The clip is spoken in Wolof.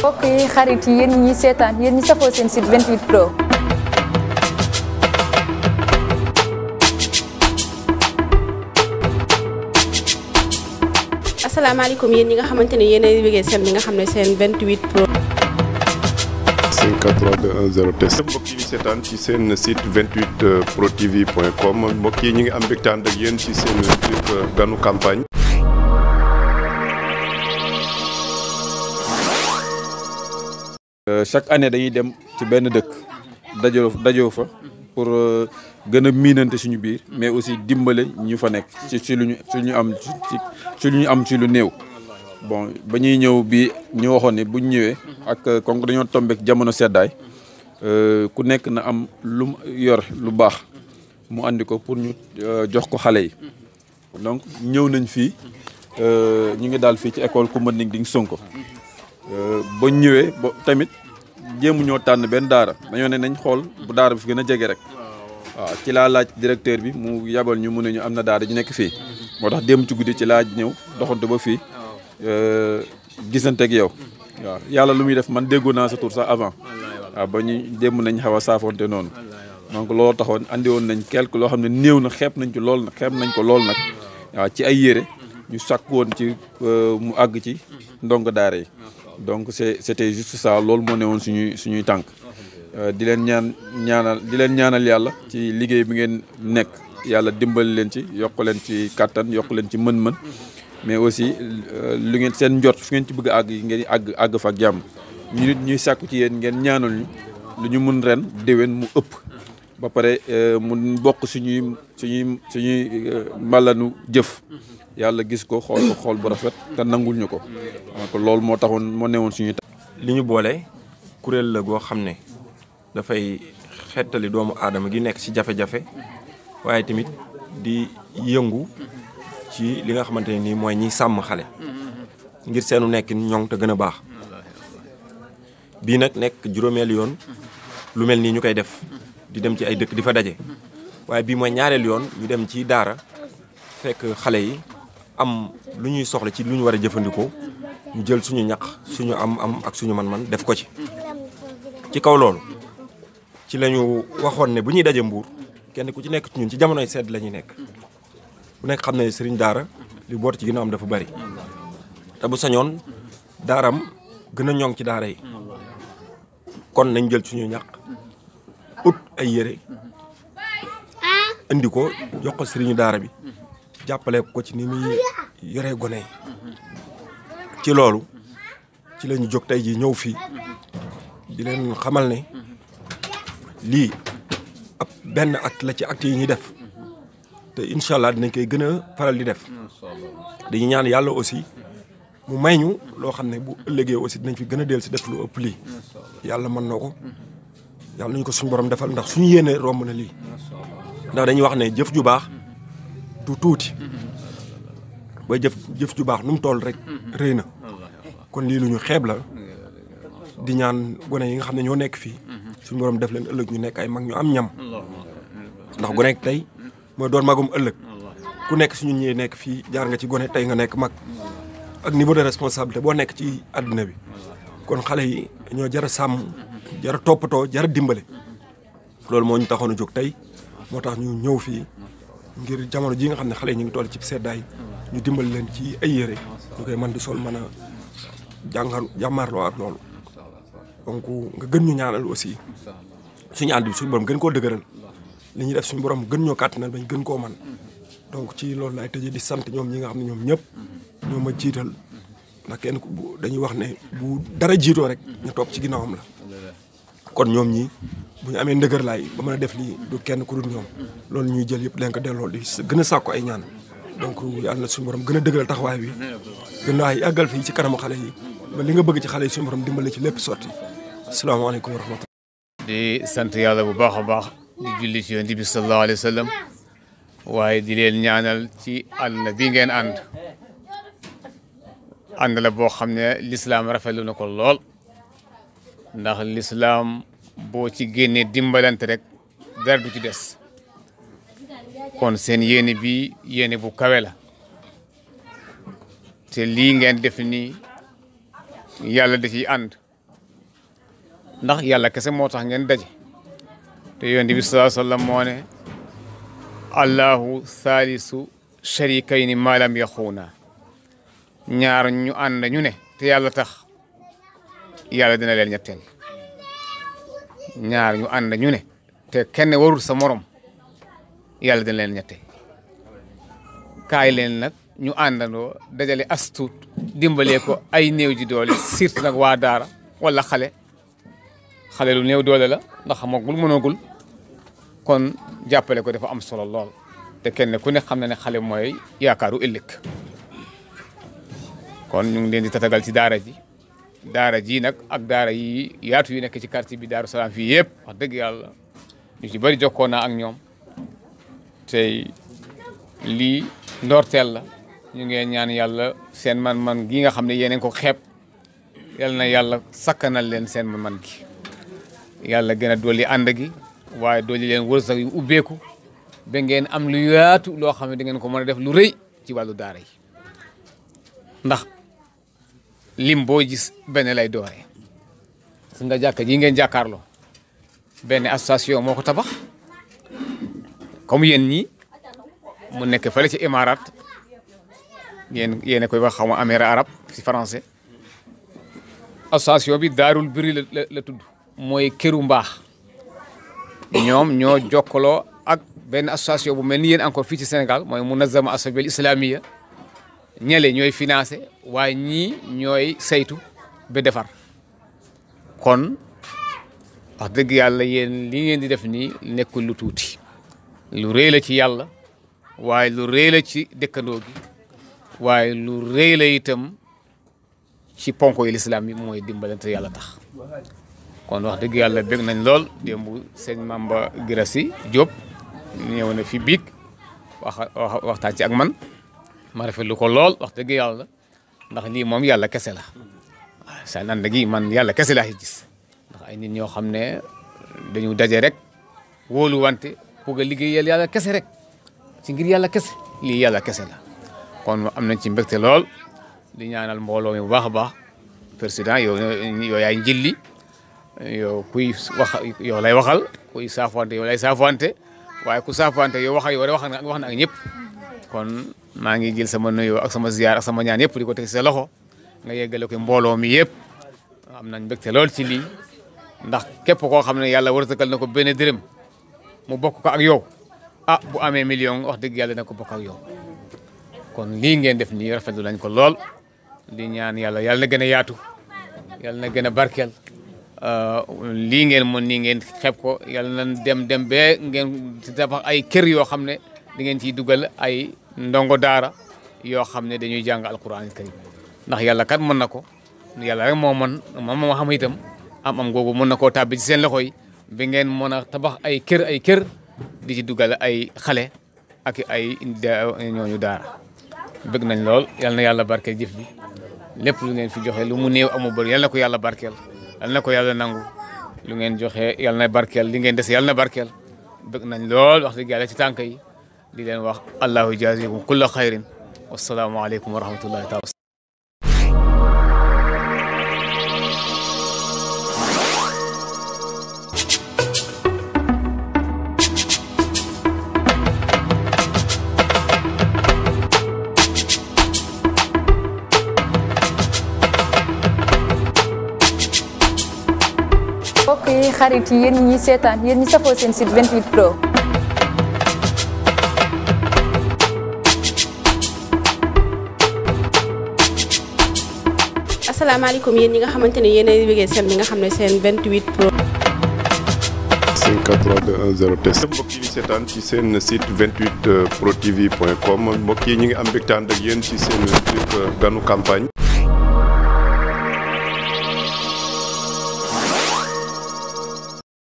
mbokk yi xarit yi yéen ñi seetaan yéen ñi safoo seen site 28 pro. asalaamaaleykum yéen ñi nga xamante ne yéen a bëggee seen bi nga xam ne seen 28 pro. 53210 test. mbokk yi seetaan ci seen site 28 pro tv point com mbokk yi ñu ngi am mbégtaan ak yéen ci seen ganu campagne. Euh, chaque année dañuy dem ci benn dëkk dajoo dajoo fa pour euh, gën a miinante suñu biir mais aussi dimbale ñu fa nekk ci lu ñu ñu am ci ci lu ñu am ci lu néew bon ba ñuy ñëw bi ñu waxoon ne bu ñëwee ak kon euh, dañoo tombeek jamono seddaay ku nekk na am lu yor lu baax mu andi ko pour ñu jox ko xale yi donc ñëw nañ fii ñu ngi daal fii ci école Koumba Nding Sonko ba ñëwee ba tamit jéemu ñoo tànn benn daara dañoo ne nañ xool bu daara bi fu gën a jege rek waaw ci laa laaj directeur bi mu yabal ñu mu ne ñu am na daara ñu nekk fii moo tax démb ci guddi ci laaj ñëw doxantu ba fii euh, gisante ak yow waaw yàlla lu muy def man déggoo naa sa tur sax avant waaw ba ñu démb nañ xaw a saafonte noonu donc looloo taxoon andi woon nañ quelque loo xam ne néew na xeeb nañ ci lool nag xeeb nañ ko lool nag waaw ci ay yére ñu sàkk woon ci euh, mu àgg ci ndong daara yi donc c'est c'était juste ça loolu moo woon suñuy suñuy tànk euh, di leen ñaan ñaanal di leen ñaanal yàlla ci liggéey bi ngeen nekk yàlla dimbali leen ci yokk leen ci kàttan yokk leen ci mën-mën mais aussi euh, li ngeen seen njort fu ngeen ci bëgg àgg yi ngeen àgg àgg fa ak jàmm ñu nit ñuy sàkku ci yéen ngeen ñaanal ñu lu ñu mën ren déwén mu ëpp ba pare euh, mu bokk suñuy suñuy suñuy euh, malanu jëf yàlla gis ko xool ko xool bu rafet te nangul ñu ko donc loolu moo taxoon moo newoon suñuy ta li ñu boole kuréel la goo xam ne dafay xettali doomu aadama gi nekk ci jafe-jafe waaye tamit di yëngu ci li nga xamante ne nii mooy ñi sàmm xale ngir seenu nekkin ñoŋ te gën a baax bii nag nekk juróomeelu yoon lu mel nii ñu koy def di dem ci ay dëkk di fa daje waaye bii mooy ñaareel yoon ñu dem ci daara fekk xale yi am lu ñuy soxla ci lu ñu war a jëfandikoo ñu jël suñu ñax suñu am am ak suñu man-man def ko ci ci kaw loolu ci lañu ñu waxoon ne bu ñuy daje mbuur kenn ku ci nekk ci ñun ci jamonoy sedd lañuy nekk bu nekk xam ne sëriñ daara li boot ci ginnaaw am dafa bari te bu sañoon daaram gën a ñoŋ ci daara yi kon nañ jël suñu ñax ut ay yére indi ko jox ko sëriñu daara bi jàppale ko ci ni muy yore gone ci loolu ci la ñu jóg tey ji ñëw fii di leen xamal ne lii ab benn acte la ci acte yi ñuy def te incha dinañ koy gën a faral di def dañu ñaan yàlla aussi mu may ñu loo xam ne bu ëllëgee aussi dinañ fi gën a dellu si def lu ëpp lii yàlla mën na ko yàlla nañu ko suñu borom defal ndax suñu yéene romb na lii ndax dañuy wax ne jëf ju baax du tuuti ba jëf jëf ju baax nu mu toll rek rëy na kon lii lu ñu xeeb la di ñaan gone yi nga xam ne ñoo nekk fii suñu borom def leen ëllëg ñu nekk ay mag ñu am ñam ndax gone tey mooy doon magum ëllëg ku nekk suñu ñëwee nekk fii jaar nga ci gone tey nga nekk mag ak niveau de responsabilité boo nekk ci àddina bi kon xale yi ñoo jar a sàmm jar a toppatoo jar dimbale loolu moo ñu taxoon a jóg tey moo tax ñu ñëw fii ngir jamono ji nga xam ne xale yi ñu ngi toll ci seddaay ñu dimbal leen ci ay yére ñu koy mën di sol mën a jàngar jàmmaarloo ak loolu donc nga gën ñu ñaanal aussi suñu ànd bi suñu gën koo dëgëral li ñu def suñu borom gën ñoo kàttanal bañ gën koo man donc ci loolu laay tëjee di sant ñoom ñi nga xam ne ñoom ñëpp ñoo ma jiital ndax kenn ku dañuy wax ne bu dara jiitoo rek ñu topp ci ginnaawam la kon ñoom ñi buñu amee ndëgër laay ba mën a def lii du kenn ku dul ñoom loolu ñuy jël yëpp leen ko delloo di gën a sàkku ay ñaan donc yàlla na suñu borom gën a dëgëral taxawaay bi gën a yàggal fii ci kanamu xale yi ba li nga bëgg ci xale yi suñu dimbali ci lépp sotti asalaamaaleykum wa rahmatulah di sant yàlla bu baax a baax di julli ci yonent bi sallallahu alayhi wa waaye di leen ñaanal ci àll bi ngeen ànd ànd boo xam ne lislaam rafetlu na ko lool ndax lislaam boo ci génnee dimbalante rek dara du ci des kon seen yéene bi yéene bu kawe la te lii ngeen def nii yàlla da ciy ànd ndax yàlla kese moo tax ngeen daje te yonent bi sallallahu alayhi wa sallam moo ne allahu thalisu sharikayni ñaar ñu ànd ñu ne te yàlla tax yàlla dina leen ñetteel ñaar ñu ànd ñu ne te kenn warul sa morom yàlla dina leen ñetteel kaay leen nag ñu àndandoo dajale as tuut dimbalee ko ay néew ji doole surtout nag waa daara wala xale xale lu néew doole la ndax xamagul mënagul kon jàppale ko dafa am solo lool te kenn ku ne xam na ne xale mooy yaakaaru ëllëg kon ñu ngi leen di tatagal ci daara ji daara ji nag ak daara yi yaatu yu nekk ci quartier bi Daaru Salaam fii yëpp wax dëgg yàlla ñu ci bëri jokkoo naa ak ñoom tey ndorteel la ñu ngeen ñaan yàlla seen man-man gi nga xam ne yéen ko xeeb yal na yàlla sakkanal leen seen man-man gi yàlla gën a dolli ànd gi waaye dolli leen wërsëg yu ubbeeku ba ngeen am lu yaatu loo xam ne da ngeen ko mën a def lu rëy ci wàllu daara yi lim boo gis benn lay doone su nga jàkka ji ngeen jàkkaarloo benn association moo ko tabax comme yéen ñi mu nekk fa ci Émirats yéen yéen a koy wax xaw ma Émirats si ci français association bi Daarul Birri la la tudd mooy këru mbaax ñoom ñoo jokkaloo ak benn association bu mel ni yéen encore fii ci Sénégal mooy Munazama Ashabil Islamiyya ñele ñooy finance waaye ñii ñooy saytu ba defar kon wax dëgg yàlla yéen li ngeen di def nii nekkul lu tuuti lu rëy la ci yàlla waaye lu rëy la ci dëkkandoo waaye lu rëy la itam ci ponko yi lislaam yi mooy dimbalante yàlla tax kon wax dëgg yàlla bég nañ lool démb sëñ Mamba Girassi Diop ñëw na fi biig wax waxtaan ci ak man ma rafetlu ko lool wax dëgg yàlla ndax lii moom yàlla kese la waaw seen gi man yàlla kese laa gis ndax ay nit ñoo xam ne dañu daje rek wóolu wante bëgg liggéeyal yàlla kese rek ci ngir yàlla kese lii yàlla kese la kon am nañ ci mbégte lool di ñaanal mbooloo mi bu baax a baax président yow yow yaay njilli yow kuy wax yow lay waxal kuy saafante yow lay saafante waaye ku saafante yow wax yow wax na ak ñëpp kon maa ngi jël sama nuyoo ak sama ziyaar ak sama ñaan yëpp di ko teg sa loxo nga yeggale ko mbooloo mi yëpp am nañ mbégte lool ci lii ndax képp koo xam ne yàlla wërsëgal na ko benn dërëm mu bokk ko ak yow ah bu amee million wax dëgg yàlla na ko bokk ak yow kon lii ngeen def nii rafetlu nañ ko lool di ñaan yàlla yàlla na gën a yaatu yàlla na gën a barkeel euh, lii ngeen mën nii ngeen xeeb ko yàlla na dem dem bee ngeen tabax ay kër yoo xam ne di ngeen ciy dugal ay ndongo daara yoo xam ne dañuy jàng alquran karim ndax yàlla kat mën na ko yàlla rek moo mën man moo xam itam am am googu mën na koo tàbbi ci seen loxo yi bi ngeen mën a tabax ay kër ay kër di ci dugal ay xale ak ay ñooñu daara bëgg nañ lool yal na yàlla barkeel jëf bi lu ngeen joxe lu mu néew amu ko yàlla barkeel yal na ko yàlla nangu lu ngeen joxe yal na barkeel li ngeen des yal barkeel bëgg nañ lool wax dëgg yàlla ci tànk yi di leen wax allahu jaazikum kulla xayrin wassalaamu aleykum wa rahmatullahi taala mbokk yi xarit yi yéen ñi seetaan yéen ñi safoo seen site 28 pro asalaamaaleykum yéen ñi nga xamante ne yéen a liggéey seen bi nga xam ne seen 28 pro. 531 test. mbokk yi ñu seetaan ci seen site 28 pro tv point com mbokk yi ñu ngi am mbégte ànd ak yéen ci seen clip ganu campagne.